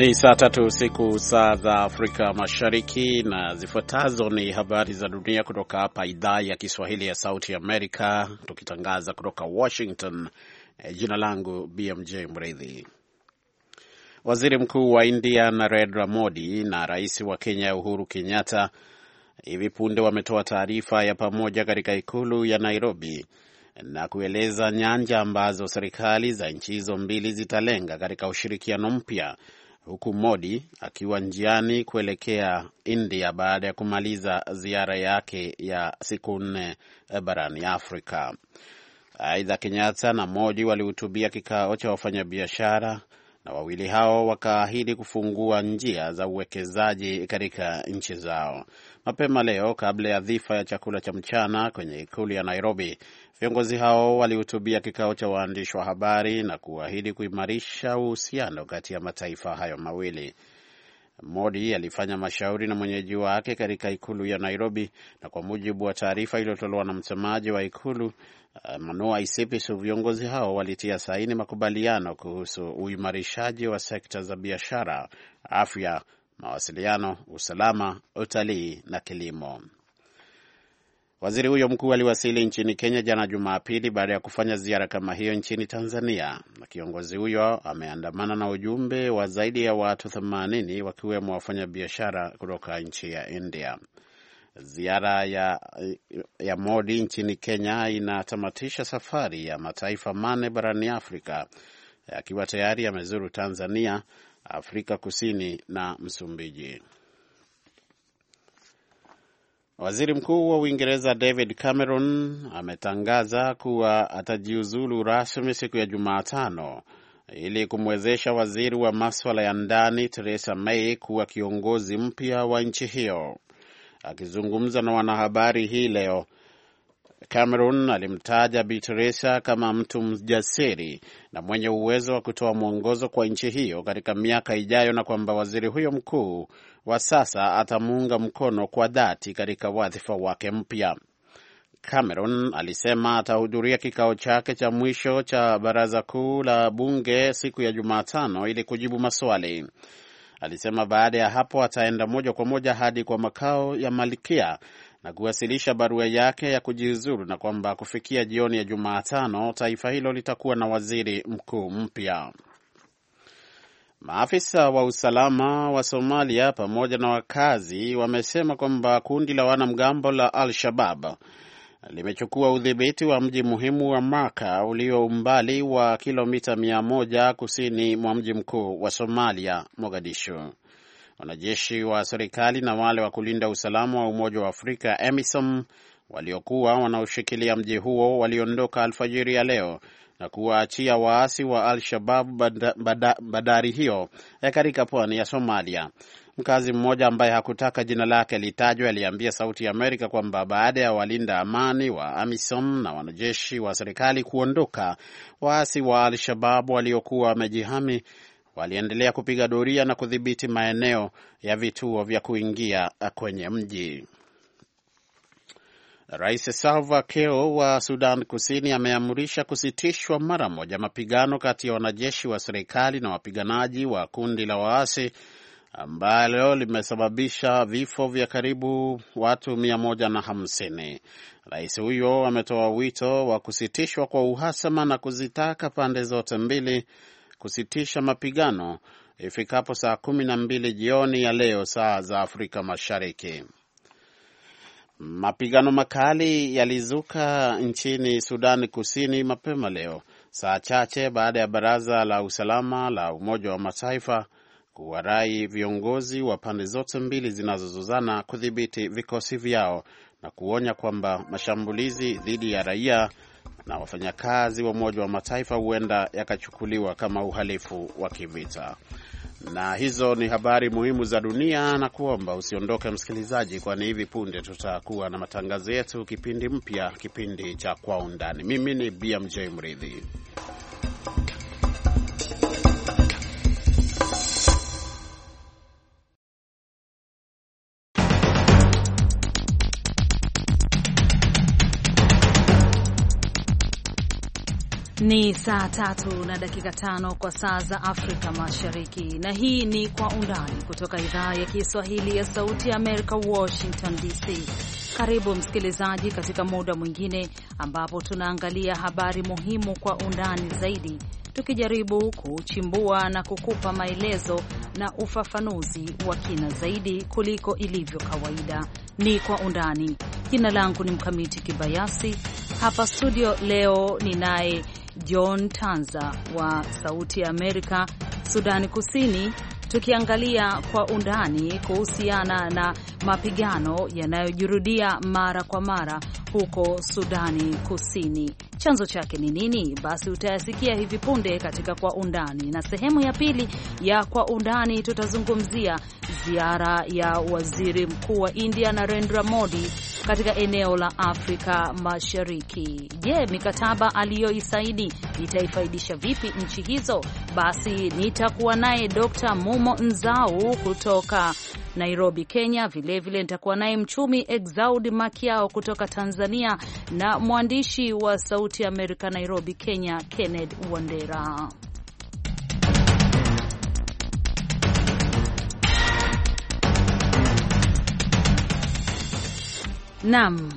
Ni saa tatu usiku saa za Afrika Mashariki, na zifuatazo ni habari za dunia kutoka hapa idhaa ya Kiswahili ya Sauti Amerika, tukitangaza kutoka Washington. Eh, jina langu BMJ Mridhi. Waziri Mkuu wa India Narendra Modi na rais wa Kenya Uhuru Kenyatta hivi punde wametoa taarifa ya pamoja katika ikulu ya Nairobi na kueleza nyanja ambazo serikali za nchi hizo mbili zitalenga katika ushirikiano mpya huku Modi akiwa njiani kuelekea India baada ya kumaliza ziara yake ya siku nne eh, barani Afrika. Aidha, Kenyatta na Modi walihutubia kikao cha wafanyabiashara na wawili hao wakaahidi kufungua njia za uwekezaji katika nchi zao. Mapema leo, kabla ya dhifa ya chakula cha mchana kwenye ikulu ya Nairobi, viongozi hao walihutubia kikao cha waandishi wa habari na kuahidi kuimarisha uhusiano kati ya mataifa hayo mawili. Modi alifanya mashauri na mwenyeji wake katika ikulu ya Nairobi, na kwa mujibu wa taarifa iliyotolewa na msemaji wa ikulu uh, Manoa Isipisu, viongozi hao walitia saini makubaliano kuhusu uimarishaji wa sekta za biashara, afya, mawasiliano, usalama, utalii na kilimo. Waziri huyo mkuu aliwasili nchini Kenya jana Jumapili baada ya kufanya ziara kama hiyo nchini Tanzania, na kiongozi huyo ameandamana na ujumbe wa zaidi ya watu 80 wakiwemo wafanyabiashara kutoka nchi ya India. Ziara ya, ya Modi nchini Kenya inatamatisha safari ya mataifa mane barani Afrika, akiwa tayari amezuru Tanzania, Afrika Kusini na Msumbiji. Waziri Mkuu wa Uingereza David Cameron ametangaza kuwa atajiuzulu rasmi siku ya Jumatano ili kumwezesha waziri wa maswala ya ndani Theresa May kuwa kiongozi mpya wa nchi hiyo. Akizungumza na wanahabari hii leo, Cameron alimtaja Bi Theresa kama mtu mjasiri na mwenye uwezo wa kutoa mwongozo kwa nchi hiyo katika miaka ijayo na kwamba waziri huyo mkuu wa sasa atamuunga mkono kwa dhati katika wadhifa wake mpya. Cameron alisema atahudhuria kikao chake cha mwisho cha baraza kuu la bunge siku ya Jumatano ili kujibu maswali. Alisema baada ya hapo ataenda moja kwa moja hadi kwa makao ya malkia na kuwasilisha barua yake ya kujiuzulu na kwamba kufikia jioni ya Jumatano taifa hilo litakuwa na waziri mkuu mpya. Maafisa wa usalama wa Somalia pamoja na wakazi wamesema kwamba kundi la wanamgambo la Al-Shabab limechukua udhibiti wa mji muhimu wa maka ulio umbali wa kilomita mia moja kusini mwa mji mkuu wa Somalia, Mogadishu. Wanajeshi wa serikali na wale wa kulinda usalama wa Umoja wa Afrika, emison waliokuwa wanaoshikilia mji huo waliondoka alfajiri ya leo na kuwaachia waasi wa Al-Shabaab bandari hiyo eh, katika pwani ya Somalia. Mkazi mmoja ambaye hakutaka jina lake litajwe aliambia Sauti ya Amerika kwamba baada ya walinda amani wa AMISOM na wanajeshi wa serikali kuondoka, waasi wa al shabab waliokuwa wamejihami waliendelea kupiga doria na kudhibiti maeneo ya vituo vya kuingia eh, kwenye mji. Rais Salva Keo wa Sudan Kusini ameamrisha kusitishwa mara moja mapigano kati ya wanajeshi wa serikali na wapiganaji wa kundi la waasi ambalo limesababisha vifo vya karibu watu 150. Rais huyo ametoa wito wa kusitishwa kwa uhasama na kuzitaka pande zote mbili kusitisha mapigano ifikapo saa kumi na mbili jioni ya leo saa za Afrika Mashariki. Mapigano makali yalizuka nchini Sudan Kusini mapema leo, saa chache baada ya baraza la usalama la Umoja wa Mataifa kuwarai viongozi wa pande zote mbili zinazozozana kudhibiti vikosi vyao na kuonya kwamba mashambulizi dhidi ya raia na wafanyakazi wa Umoja wa Mataifa huenda yakachukuliwa kama uhalifu wa kivita. Na hizo ni habari muhimu za dunia, na kuomba usiondoke msikilizaji, kwani hivi punde tutakuwa na matangazo yetu, kipindi mpya, kipindi cha Kwa Undani. Mimi ni BMJ Mridhi. Ni saa tatu na dakika tano kwa saa za Afrika Mashariki, na hii ni Kwa Undani kutoka idhaa ya Kiswahili ya Sauti ya Amerika, Washington DC. Karibu msikilizaji, katika muda mwingine ambapo tunaangalia habari muhimu kwa undani zaidi, tukijaribu kuchimbua na kukupa maelezo na ufafanuzi wa kina zaidi kuliko ilivyo kawaida. Ni Kwa Undani. Jina langu ni Mkamiti Kibayasi. Hapa studio leo ninaye John Tanza wa Sauti ya Amerika, Sudani Kusini, tukiangalia kwa undani kuhusiana na mapigano yanayojirudia mara kwa mara huko Sudani Kusini. Chanzo chake ni nini? Basi utayasikia hivi punde katika Kwa Undani, na sehemu ya pili ya Kwa Undani tutazungumzia ziara ya waziri mkuu wa India Narendra Modi katika eneo la Afrika Mashariki. Je, mikataba aliyoisaini itaifaidisha vipi nchi hizo? Basi nitakuwa naye Dr. Mum Marumo Nzau kutoka Nairobi, Kenya. Vilevile nitakuwa naye mchumi Exaud Makiao kutoka Tanzania na mwandishi wa Sauti ya Amerika Nairobi, Kenya, Kenneth Wandera. Naam,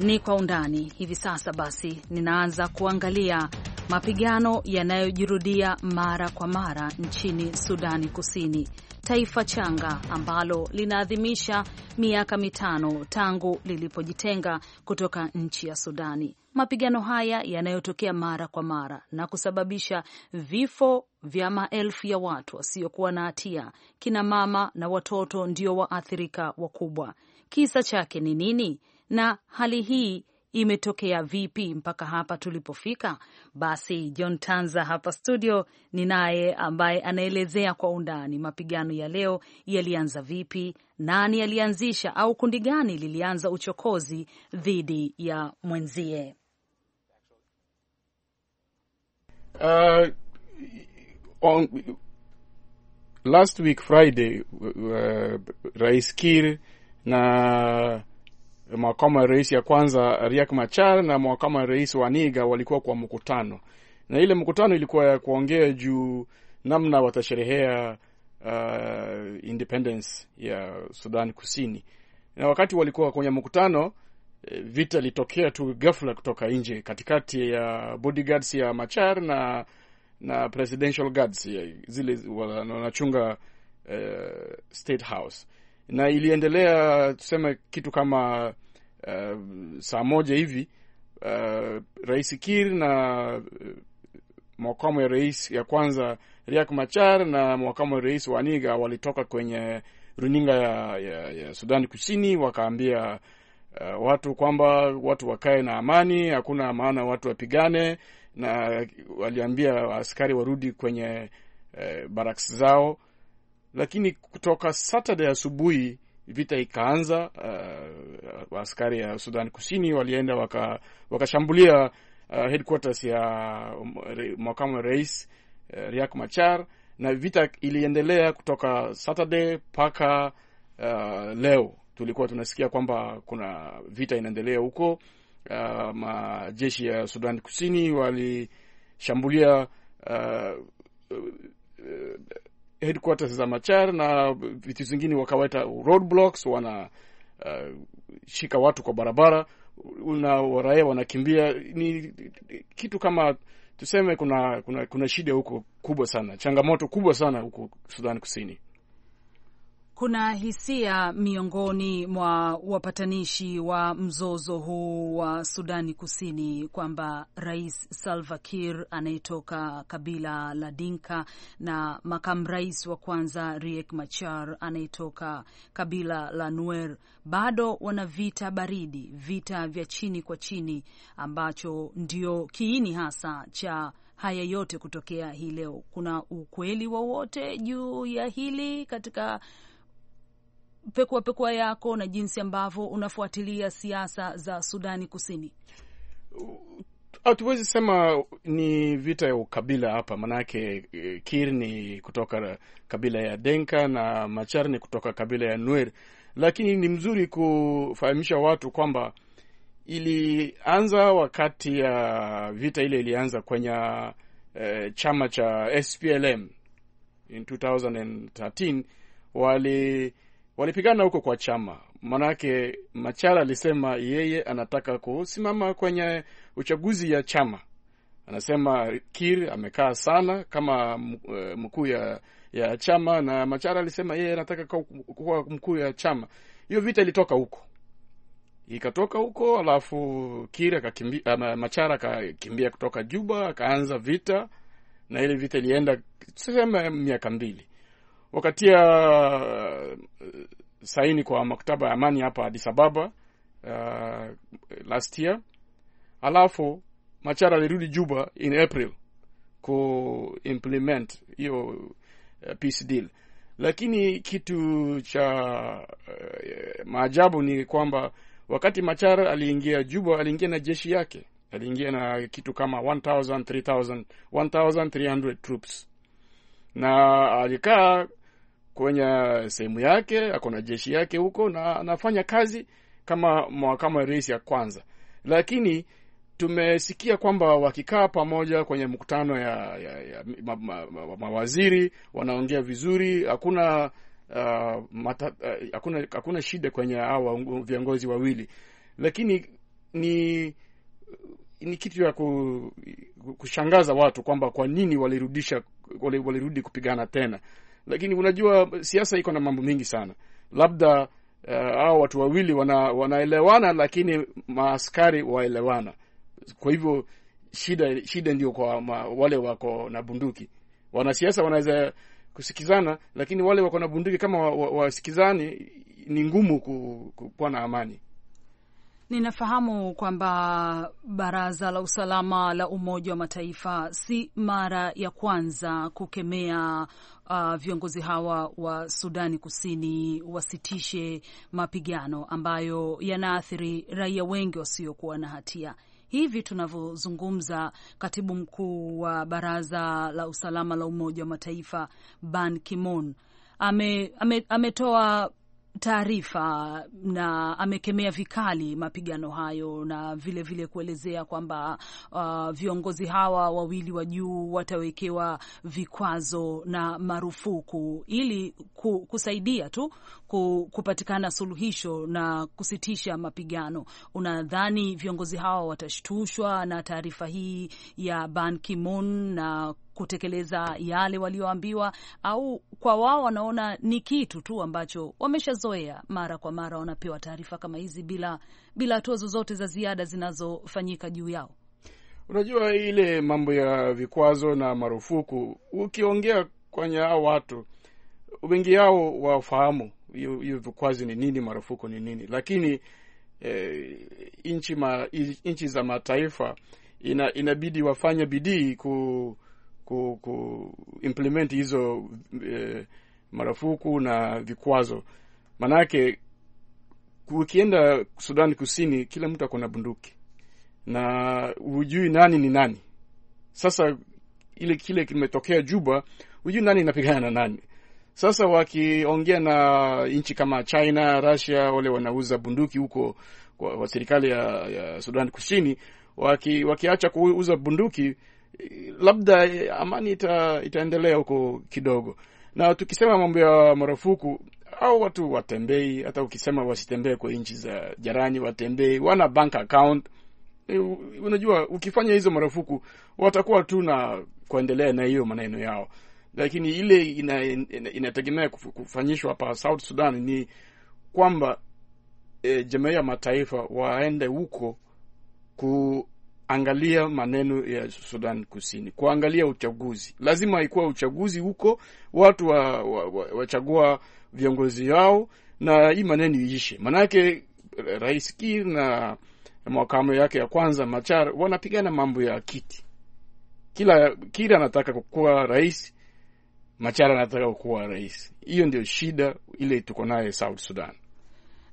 ni kwa undani hivi sasa. Basi ninaanza kuangalia mapigano yanayojirudia mara kwa mara nchini Sudani Kusini, taifa changa ambalo linaadhimisha miaka mitano tangu lilipojitenga kutoka nchi ya Sudani. Mapigano haya yanayotokea mara kwa mara na kusababisha vifo vya maelfu ya watu wasiokuwa na hatia. Kina mama na watoto ndio waathirika wakubwa. Kisa chake ni nini? Na hali hii imetokea vipi mpaka hapa tulipofika? Basi John Tanza hapa studio ni naye ambaye anaelezea kwa undani mapigano ya leo yalianza vipi, nani alianzisha, au kundi gani lilianza uchokozi dhidi ya mwenzie. Uh, on, last week Friday, uh, Rais Kir na makamu wa rais ya kwanza Riek Machar na makamu wa rais wa Niger walikuwa kwa mkutano, na ile mkutano ilikuwa ya kuongea juu namna watasherehea uh, independence ya Sudan Kusini. Na wakati walikuwa kwenye mkutano, eh, vita litokea tu ghafla kutoka nje katikati ya bodyguards ya Machar na na presidential guards zile wanachunga uh, state house na iliendelea tuseme kitu kama uh, saa moja hivi uh, Rais kir na uh, makamu ya rais ya kwanza riak Machar na makamu wa rais Waniga walitoka kwenye runinga ya, ya, ya Sudani Kusini wakaambia uh, watu kwamba watu wakae na amani, hakuna maana watu wapigane, na waliambia askari warudi kwenye uh, baraks zao lakini kutoka Saturday asubuhi vita ikaanza. Uh, askari ya Sudan Kusini walienda wakashambulia waka uh, headquarters ya um, makamu wa rais uh, Riak Machar na vita iliendelea kutoka Saturday mpaka uh, leo. Tulikuwa tunasikia kwamba kuna vita inaendelea huko. Uh, majeshi ya Sudan Kusini walishambulia uh, uh, uh, headquarters za Machar na vitu zingine, wakawaita roadblocks, wanashika uh, watu kwa barabara na raia wanakimbia. Ni kitu kama tuseme, kuna kuna, kuna shida huko kubwa sana, changamoto kubwa sana huko sudani Kusini kuna hisia miongoni mwa wapatanishi wa mzozo huu wa Sudani Kusini kwamba Rais Salva Kiir anayetoka kabila la Dinka na makamu rais wa kwanza Riek Machar anayetoka kabila la Nuer bado wana vita baridi, vita vya chini kwa chini, ambacho ndio kiini hasa cha haya yote kutokea hii leo. Kuna ukweli wowote juu ya hili katika pekua pekua yako na jinsi ambavyo unafuatilia siasa za Sudani Kusini? Hatuwezi sema ni vita ya ukabila hapa, maanake e, Kir ni kutoka kabila ya Denka na Machar ni kutoka kabila ya Nuer, lakini ni mzuri kufahamisha watu kwamba ilianza wakati ya vita ile ilianza kwenye eh, chama cha SPLM in 2013 wali walipigana huko kwa chama. Manake Machala alisema yeye anataka kusimama kwenye uchaguzi ya chama. Anasema Kir amekaa sana kama eh, mkuu ya, ya chama, na Machala alisema yeye anataka kuwa mkuu ya chama. Hiyo vita ilitoka huko ikatoka huko, alafu Kir Machara akakimbia kutoka Juba, akaanza vita na ile vita ilienda tuseme miaka mbili wakatia uh, saini kwa maktaba ya amani hapa Addis uh, last year. Alafu Machar alirudi Juba in April ku implement hiyo uh, peace deal, lakini kitu cha uh, maajabu ni kwamba wakati Machar aliingia Juba, aliingia na jeshi yake, aliingia na kitu kama 1300 troops na alikaa kwenye sehemu yake, ako na jeshi yake huko na anafanya kazi kama makamu rais ya kwanza, lakini tumesikia kwamba wakikaa pamoja kwenye mkutano ya, ya, ya ma, ma, ma, mawaziri wanaongea vizuri, hakuna uh, mata, uh, hakuna, hakuna shida kwenye hawa viongozi wawili, lakini ni ni kitu ya kushangaza watu kwamba kwa nini walirudisha walirudi kupigana tena lakini unajua siasa iko na mambo mengi sana, labda uh, uh, watu wawili wana, wanaelewana lakini maaskari waelewana. Kwa hivyo shida shida ndio kwa ma, wale wako na bunduki. Wanasiasa wanaweza kusikizana, lakini wale wako na bunduki kama wasikizani wa, wa ni ngumu kuwa na amani. Ninafahamu kwamba Baraza la Usalama la Umoja wa Mataifa si mara ya kwanza kukemea uh, viongozi hawa wa Sudani Kusini wasitishe mapigano ambayo yanaathiri raia wengi wasiokuwa na hatia. Hivi tunavyozungumza, katibu mkuu wa Baraza la Usalama la Umoja wa Mataifa Ban Ki-moon ametoa ame, ame taarifa na amekemea vikali mapigano hayo na vilevile vile kuelezea kwamba uh, viongozi hawa wawili wa juu watawekewa vikwazo na marufuku ili kusaidia tu kupatikana suluhisho na kusitisha mapigano. Unadhani viongozi hawa watashtushwa na taarifa hii ya Ban Ki-moon na kutekeleza yale walioambiwa, au kwa wao wanaona ni kitu tu ambacho wameshazoea, mara kwa mara wanapewa taarifa kama hizi bila bila hatua zozote za ziada zinazofanyika juu yao. Unajua ile mambo ya vikwazo na marufuku, ukiongea kwenye hao watu wengi yao wafahamu hiyo vikwazo ni nini, marufuku ni nini, lakini eh, nchi ma, nchi za mataifa ina, inabidi wafanye bidii ku ku, ku implement hizo eh, marufuku na vikwazo, manake ukienda Sudan Kusini kila mtu akona bunduki na hujui nani ni nani. Sasa ile kile kimetokea Juba, hujui nani inapigana na nani. Sasa wakiongea na nchi kama China, Russia, wale wanauza bunduki huko wa serikali ya, ya Sudan Kusini, waki, wakiacha kuuza bunduki labda amani ita, itaendelea huko kidogo. Na tukisema mambo ya marufuku au watu watembei, hata ukisema wasitembee kwa nchi za jarani watembei wana bank account. E, unajua, ukifanya hizo marufuku watakuwa tu na kuendelea na hiyo maneno yao, lakini ile inategemea ina, ina kufanyishwa hapa South Sudan ni kwamba e, jamii ya mataifa waende huko ku angalia maneno ya Sudan Kusini, kuangalia uchaguzi. Lazima haikuwa uchaguzi huko, watu wachagua wa, wa, wa viongozi wao, na hii maneno iishe. Manake eh, Rais Kiir na mwakamo yake ya kwanza Machar wanapigana mambo ya kiti. Kila Kiir anataka kukuwa rais, Machar anataka kukuwa rais. Hiyo ndio shida ile tuko naye South Sudan.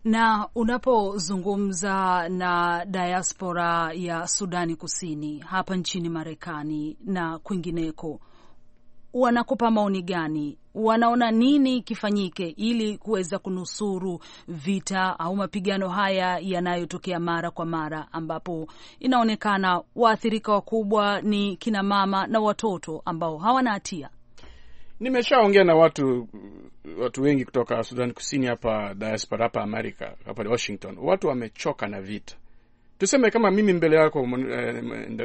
Na unapozungumza na diaspora ya Sudani Kusini hapa nchini Marekani na kwingineko, wanakupa maoni gani? Wanaona nini kifanyike ili kuweza kunusuru vita au mapigano haya yanayotokea mara kwa mara, ambapo inaonekana waathirika wakubwa ni kina mama na watoto ambao hawana hatia Nimeshaongea na watu watu wengi kutoka Sudan Kusini, hapa diaspora, hapa Amerika, hapa Washington. Watu wamechoka na vita. Tuseme kama mimi mbele yako eh,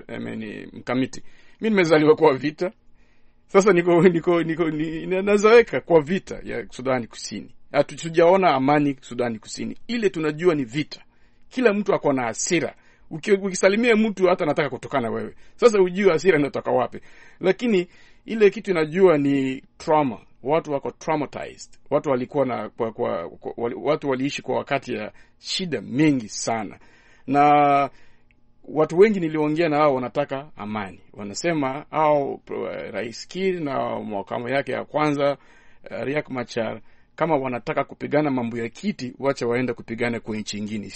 eh, mkamiti, mi nimezaliwa kwa vita, sasa niko niko niko nazaweka kwa vita ya Sudani Kusini. Hatujaona amani Sudani Kusini, ile tunajua ni vita. Kila mtu ako na hasira Ukisalimia mtu hata nataka kutokana wewe. Sasa ujue hasira inatoka wapi? Lakini ile kitu inajua ni trauma. Watu wako traumatized, watu walikuwa na kwa, kwa, kwa, watu waliishi kwa wakati ya shida mingi sana, na watu wengi niliongea na hao wanataka amani, wanasema au eh, Rais kir na mwakamo yake ya kwanza eh, riak Machar kama wanataka kupigana mambo ya kiti, wacha waenda kupigana kwa nchi ingine,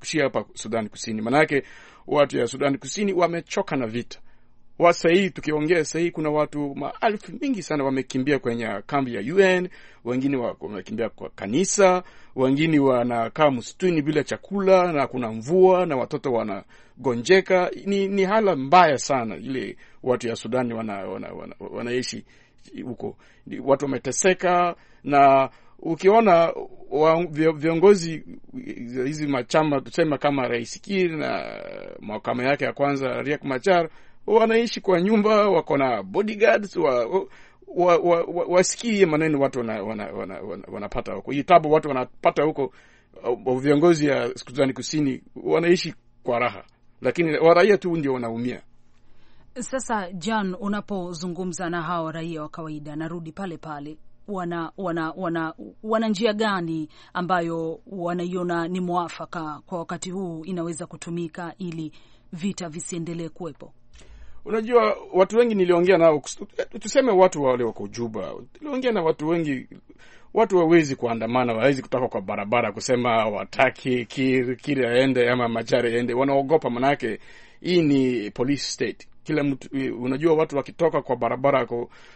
si hapa Sudani Kusini. maanayake watu ya Sudani Kusini wamechoka na vita wa sahii, tukiongea sahii, kuna watu maalfu mingi sana wamekimbia kwenye kambi ya UN, wengine wamekimbia kwa kanisa, wengine wanakaa msituni bila chakula, na kuna mvua na watoto wanagonjeka. Ni, ni hala mbaya sana ile watu ya Sudani wanaishi wana, wana, wana huko, watu wameteseka na ukiona viongozi hizi machama tusema kama Rais Kiir na mahakama yake ya kwanza Riek Machar wanaishi kwa nyumba, wako na bodyguards wa wasikie wa, wa, wa maneno watu wanapata wana, wana, wana, wana huko hii tabu watu wanapata huko. Viongozi ya Sudani Kusini wanaishi kwa raha, lakini waraia tu ndio wanaumia. Sasa Jan, unapozungumza na hawa raia wa kawaida, narudi pale pale wana wana wana wana njia gani ambayo wanaiona ni mwafaka kwa wakati huu inaweza kutumika ili vita visiendelee kuwepo? Unajua, watu wengi niliongea nao, tuseme watu wale wako Juba, niliongea na watu wengi. Watu wawezi kuandamana, wawezi kutoka kwa barabara kusema wataki Kiri aende ama machari aende, wanaogopa manake hii ni police state. Kila mtu unajua, watu wakitoka kwa barabara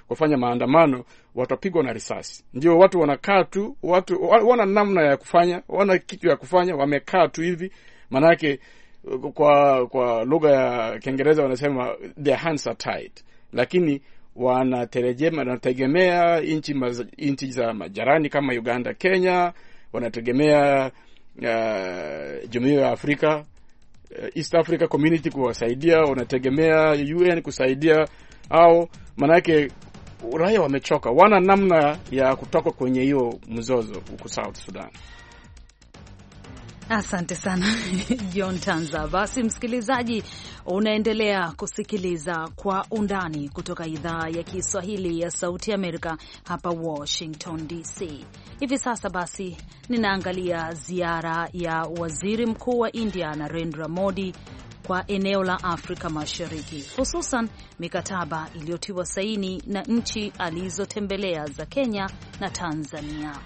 kufanya maandamano watapigwa na risasi. Ndio watu wanakaa tu, watu wana namna ya kufanya, wana kitu ya kufanya, wamekaa tu hivi manake kwa kwa lugha ya Kiingereza wanasema the hands are tied, lakini wanategemea nchi nchi za majirani kama Uganda, Kenya, wanategemea uh, jumuiya ya Afrika uh, East Africa Community kuwasaidia, wanategemea UN kusaidia au manake raia wamechoka, wana namna ya kutoka kwenye hiyo mzozo huko South Sudan. Asante sana John Tanza. Basi msikilizaji, unaendelea kusikiliza Kwa Undani kutoka idhaa ya Kiswahili ya Sauti Amerika hapa Washington DC. Hivi sasa basi ninaangalia ziara ya waziri mkuu wa India Narendra Modi kwa eneo la Afrika Mashariki, hususan mikataba iliyotiwa saini na nchi alizotembelea za Kenya na Tanzania.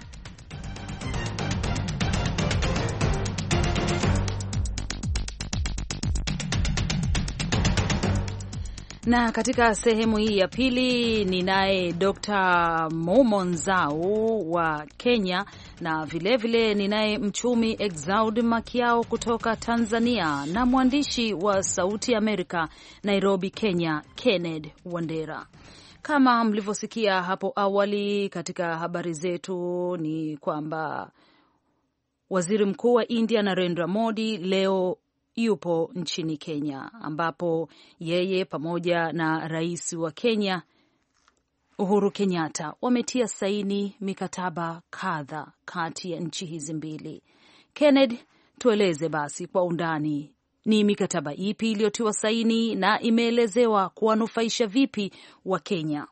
na katika sehemu hii ya pili ninaye Dr. Momo Nzau wa Kenya na vilevile ninaye mchumi Exaud Makiao kutoka Tanzania na mwandishi wa Sauti Amerika Nairobi, Kenya, Kenneth Wandera. Kama mlivyosikia hapo awali katika habari zetu ni kwamba Waziri Mkuu wa India Narendra Modi leo yupo nchini Kenya, ambapo yeye pamoja na rais wa Kenya Uhuru Kenyatta wametia saini mikataba kadha kati ya nchi hizi mbili. Kenneth, tueleze basi kwa undani ni mikataba ipi iliyotiwa saini na imeelezewa kuwanufaisha vipi wa Kenya?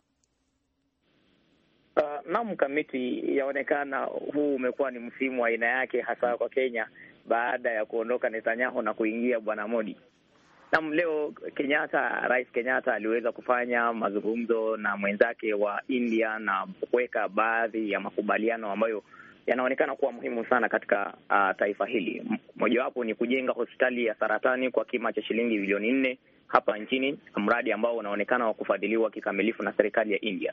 Uh, naam, kamiti yaonekana huu umekuwa ni msimu wa aina yake hasa kwa Kenya baada ya kuondoka Netanyahu na kuingia bwana Modi. Nam, leo Kenyatta, Rais Kenyatta aliweza kufanya mazungumzo na mwenzake wa India na kuweka baadhi ya makubaliano ambayo yanaonekana kuwa muhimu sana katika uh, taifa hili. Mojawapo ni kujenga hospitali ya saratani kwa kima cha shilingi bilioni nne hapa nchini, mradi ambao unaonekana wa kufadhiliwa kikamilifu na serikali ya India.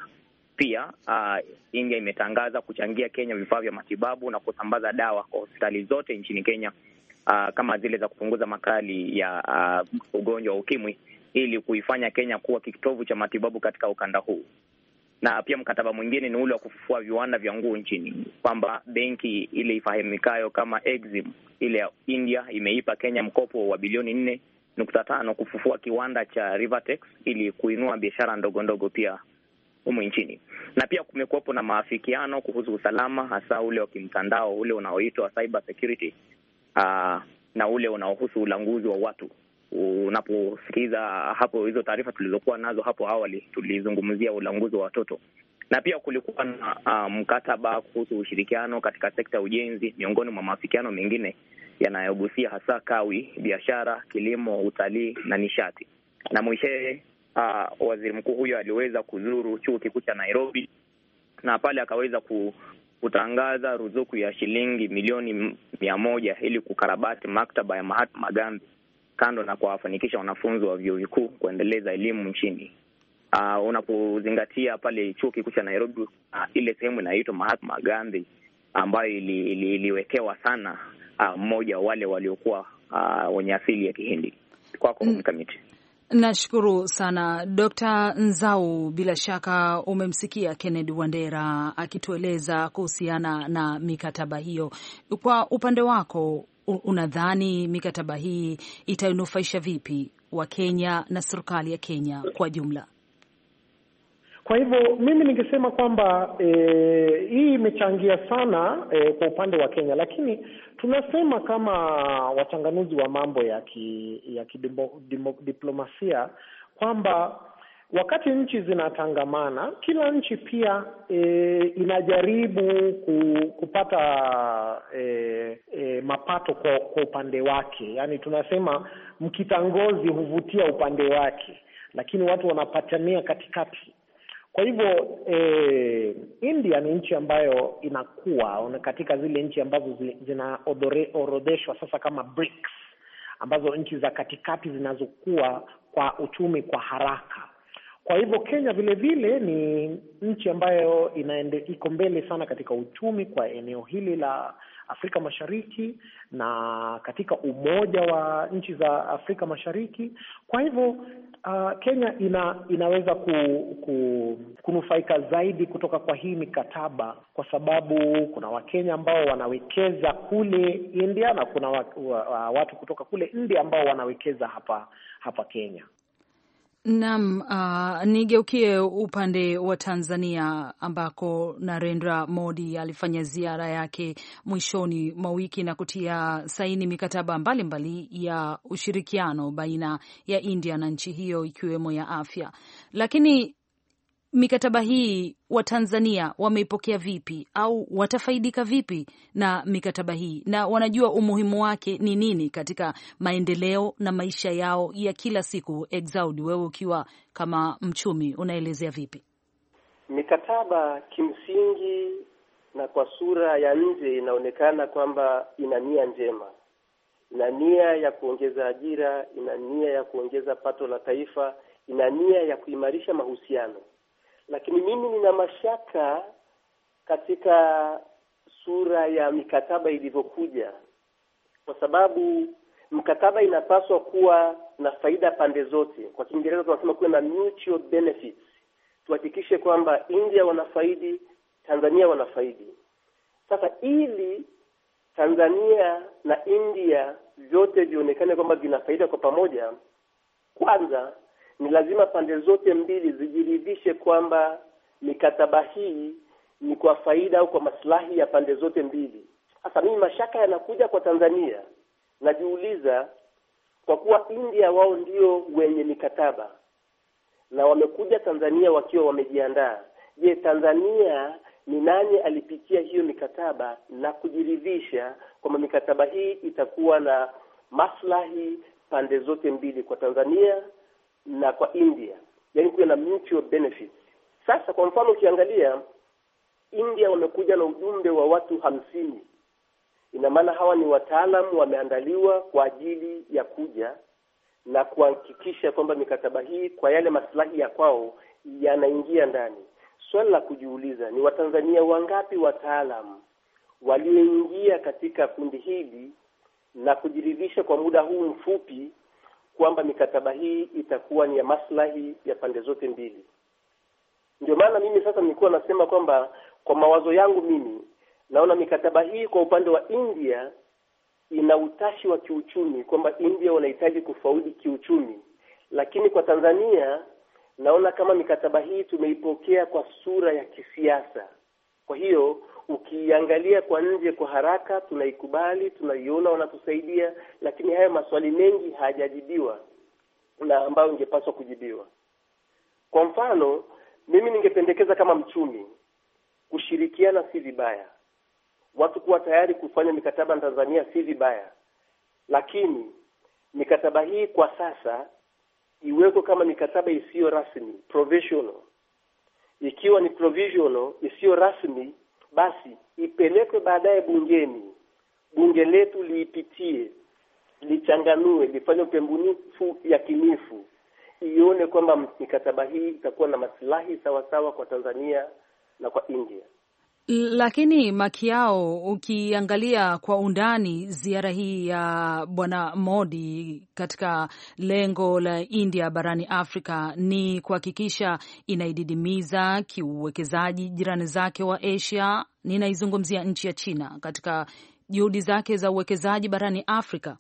Pia uh, India imetangaza kuchangia Kenya vifaa vya matibabu na kusambaza dawa kwa hospitali zote nchini Kenya, uh, kama zile za kupunguza makali ya uh, ugonjwa wa ukimwi ili kuifanya Kenya kuwa kitovu cha matibabu katika ukanda huu. Na pia mkataba mwingine ni ule wa kufufua viwanda vya nguo nchini, kwamba benki ile ifahamikayo kama Exim ile ya India imeipa Kenya mkopo wa bilioni nne nukta tano kufufua kiwanda cha Rivertex ili kuinua biashara ndogo ndogo pia humu nchini, na pia kumekuwepo na maafikiano kuhusu usalama, hasa ule wa kimtandao, ule unaoitwa cyber security uh, na ule unaohusu ulanguzi wa watu. Unaposikiza hapo hizo taarifa tulizokuwa nazo hapo awali, tulizungumzia ulanguzi wa watoto na pia kulikuwa na uh, mkataba kuhusu ushirikiano katika sekta ya ujenzi, miongoni mwa maafikiano mengine yanayogusia hasa kawi, biashara, kilimo, utalii na nishati. Na mwishee uh, waziri mkuu huyo aliweza kuzuru chuo kikuu cha Nairobi na pale akaweza ku, kutangaza ruzuku ya shilingi milioni mia moja ili kukarabati maktaba ya Mahatma Gandhi kando na kuwafanikisha wanafunzi wa vyuo vikuu kuendeleza elimu nchini. Uh, unapozingatia pale chuo kikuu cha Nairobi uh, ile sehemu inayoitwa Mahatma Gandhi ambayo ili, ili, iliwekewa sana uh, mmoja uh, wale waliokuwa uh, wenye asili ya Kihindi. Kwako mm. mkamiti. Nashukuru sana Dr. Nzau. Bila shaka umemsikia Kennedy Wandera akitueleza kuhusiana na mikataba hiyo. Kwa upande wako, unadhani mikataba hii itainufaisha vipi Wakenya na serikali ya Kenya kwa jumla? Kwa hivyo mimi ningesema kwamba e, hii imechangia sana e, kwa upande wa Kenya, lakini tunasema kama wachanganuzi wa mambo ya ki, ya kidiplomasia kwamba wakati nchi zinatangamana, kila nchi pia e, inajaribu ku, kupata e, e, mapato kwa, kwa upande wake. Yaani tunasema mkitangozi huvutia upande wake, lakini watu wanapatania katikati kwa hivyo eh, India ni nchi ambayo inakuwa katika zile nchi ambazo zinaorodheshwa sasa kama BRICS, ambazo nchi za katikati zinazokuwa kwa uchumi kwa haraka. Kwa hivyo Kenya vile vile ni nchi ambayo inaende, iko mbele sana katika uchumi kwa eneo hili la Afrika Mashariki na katika umoja wa nchi za Afrika Mashariki. Kwa hivyo Uh, Kenya ina, inaweza ku, ku, kunufaika zaidi kutoka kwa hii mikataba kwa sababu kuna Wakenya ambao wanawekeza kule India na kuna wa, wa, wa, watu kutoka kule India ambao wanawekeza hapa hapa Kenya. Naam, uh, nigeukie upande wa Tanzania ambako Narendra Modi alifanya ziara yake mwishoni mwa wiki na kutia saini mikataba mbalimbali mbali ya ushirikiano baina ya India na nchi hiyo ikiwemo ya afya, lakini mikataba hii Watanzania wameipokea vipi au watafaidika vipi na mikataba hii na wanajua umuhimu wake ni nini katika maendeleo na maisha yao ya kila siku? Exaudi, wewe ukiwa kama mchumi unaelezea vipi mikataba? Kimsingi na kwa sura ya nje inaonekana kwamba ina nia njema, ina nia ya kuongeza ajira, ina nia ya kuongeza pato la taifa, ina nia ya kuimarisha mahusiano lakini mimi nina mashaka katika sura ya mikataba ilivyokuja, kwa sababu mkataba inapaswa kuwa na faida pande zote. Kwa Kiingereza tunasema kuwa na mutual benefits, tuhakikishe kwamba India wanafaidi, Tanzania wanafaidi. Sasa ili Tanzania na India vyote vionekane kwamba vina faida kwa pamoja, kwanza ni lazima pande zote mbili zijiridhishe kwamba mikataba hii ni kwa faida au kwa maslahi ya pande zote mbili. Sasa mimi mashaka yanakuja kwa Tanzania, najiuliza kwa kuwa India wao ndio wenye mikataba na wamekuja Tanzania wakiwa wamejiandaa. Je, Tanzania ni nani alipitia hiyo mikataba na kujiridhisha kwamba mikataba hii itakuwa na maslahi pande zote mbili, kwa Tanzania na kwa India, yani kuwe na mutual benefit. Sasa kwa mfano ukiangalia India wamekuja na ujumbe wa watu hamsini. Ina maana hawa ni wataalamu wameandaliwa kwa ajili ya kuja na kuhakikisha kwamba mikataba hii kwa yale maslahi ya kwao yanaingia ndani. Swali la kujiuliza ni Watanzania wangapi wataalamu walioingia katika kundi hili na kujiridhisha kwa muda huu mfupi kwamba mikataba hii itakuwa ni ya maslahi ya pande zote mbili. Ndio maana mimi sasa nilikuwa nasema kwamba kwa mawazo yangu mimi naona mikataba hii kwa upande wa India ina utashi wa kiuchumi, kwamba India wanahitaji kufaudi kiuchumi, lakini kwa Tanzania naona kama mikataba hii tumeipokea kwa sura ya kisiasa. Kwa hiyo ukiangalia kwa nje kwa haraka, tunaikubali, tunaiona wanatusaidia, lakini haya maswali mengi hayajajibiwa na ambayo ingepaswa kujibiwa. Kwa mfano, mimi ningependekeza kama mchumi, kushirikiana si vibaya, watu kuwa tayari kufanya mikataba na Tanzania si vibaya, lakini mikataba hii kwa sasa iwekwe kama mikataba isiyo rasmi provisional. Ikiwa ni provisional isiyo rasmi basi ipelekwe baadaye bungeni, bunge letu liipitie, lichanganue, lifanye upembunifu yakinifu, ione kwamba mikataba hii itakuwa na masilahi sawasawa kwa Tanzania na kwa India. Lakini Makiao, ukiangalia kwa undani ziara hii ya bwana Modi katika lengo la India barani Afrika ni kuhakikisha inaididimiza kiuwekezaji jirani zake wa Asia. Ninaizungumzia nchi ya China katika juhudi zake za uwekezaji barani Afrika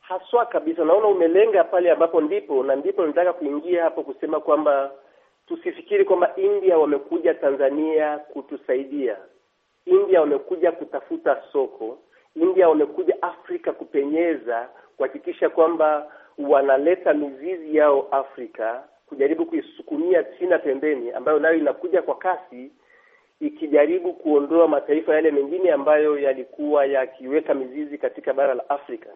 haswa kabisa. Naona umelenga pale ambapo ndipo na ndipo nataka kuingia hapo kusema kwamba Tusifikiri kwamba India wamekuja Tanzania kutusaidia. India wamekuja kutafuta soko. India wamekuja Afrika kupenyeza, kuhakikisha kwamba wanaleta mizizi yao Afrika, kujaribu kuisukumia China pembeni, ambayo nayo inakuja kwa kasi ikijaribu kuondoa mataifa yale mengine ambayo yalikuwa yakiweka mizizi katika bara la Afrika.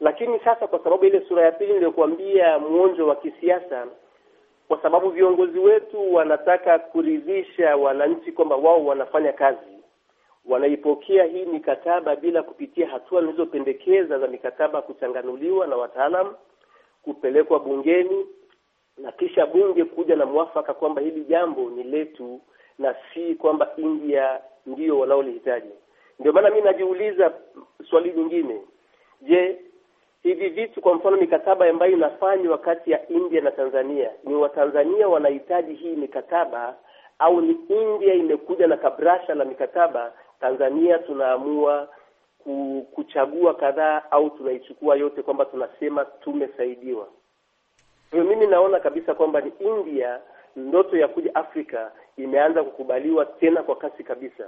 Lakini sasa, kwa sababu ile sura ya pili niliyokuambia, mwonjo wa kisiasa kwa sababu viongozi wetu wanataka kuridhisha wananchi kwamba wao wanafanya kazi. Wanaipokea hii mikataba bila kupitia hatua zilizopendekeza za mikataba kuchanganuliwa na wataalam, kupelekwa bungeni na kisha bunge kuja na mwafaka kwamba hili jambo ni letu na si kwamba India ndio wanaolihitaji. Ndio maana mi najiuliza swali lingine, je, hivi vitu. Kwa mfano mikataba ambayo inafanywa kati ya India na Tanzania, ni Watanzania wanahitaji hii mikataba au ni India imekuja na kabrasha la mikataba, Tanzania tunaamua kuchagua kadhaa au tunaichukua yote, kwamba tunasema tumesaidiwa. Hiyo mimi naona kabisa kwamba ni India, ndoto ya kuja Afrika imeanza kukubaliwa tena kwa kasi kabisa.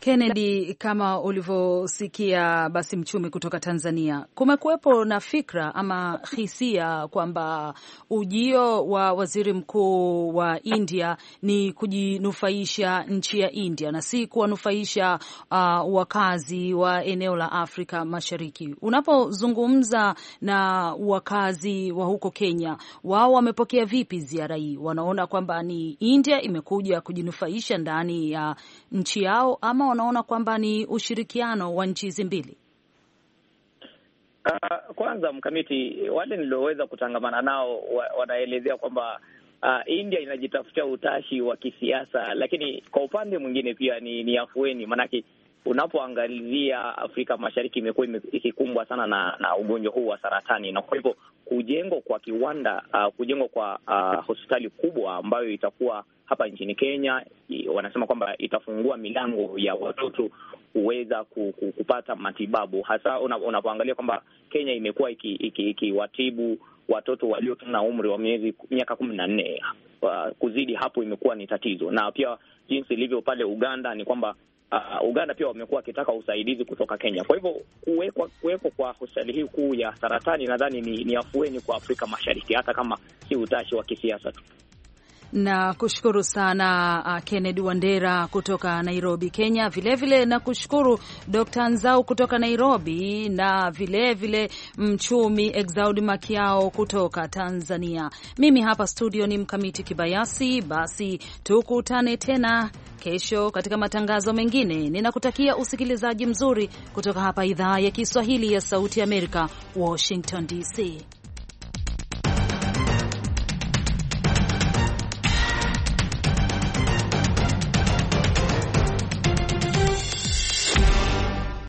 Kennedy, kama ulivyosikia basi mchumi kutoka Tanzania, kumekuwepo na fikra ama hisia kwamba ujio wa waziri mkuu wa India ni kujinufaisha nchi ya India na si kuwanufaisha uh, wakazi wa eneo la Afrika Mashariki. Unapozungumza na wakazi wa huko Kenya, wao wamepokea vipi ziara hii? Wanaona kwamba ni India imekuja kujinufaisha ndani ya nchi yao ama ama wanaona kwamba ni ushirikiano wa nchi hizi mbili? Uh, kwanza mkamiti, wale nilioweza kutangamana nao wanaelezea kwamba uh, India inajitafutia utashi wa kisiasa, lakini kwa upande mwingine pia ni, ni afueni, maanake unapoangalia Afrika Mashariki imekuwa ikikumbwa sana na, na ugonjwa huu wa saratani, na kwa hivyo kujengwa kwa kiwanda uh, kujengwa kwa uh, hospitali kubwa ambayo itakuwa hapa nchini Kenya, wanasema kwamba itafungua milango ya watoto kuweza kupata matibabu, hasa unapoangalia kwamba Kenya imekuwa ikiwatibu iki, iki watoto walio na umri wa miezi miaka kumi na nne ah, kuzidi hapo imekuwa ni tatizo, na pia jinsi ilivyo pale Uganda ni kwamba uh, Uganda pia wamekuwa wakitaka usaidizi kutoka Kenya. Kwa hivyo kuwekwa kuwepo kwa hospitali hii kuu ya saratani nadhani ni, ni afueni kwa Afrika Mashariki, hata kama si utashi wa kisiasa tu na kushukuru sana uh, Kennedy Wandera kutoka Nairobi, Kenya. Vilevile nakushukuru Dr. Nzau kutoka Nairobi na vilevile vile mchumi Exaud Makiao kutoka Tanzania. Mimi hapa studio ni Mkamiti Kibayasi. Basi tukutane tena kesho katika matangazo mengine. Ninakutakia usikilizaji mzuri kutoka hapa idhaa ya Kiswahili ya Sauti ya Amerika, Washington DC.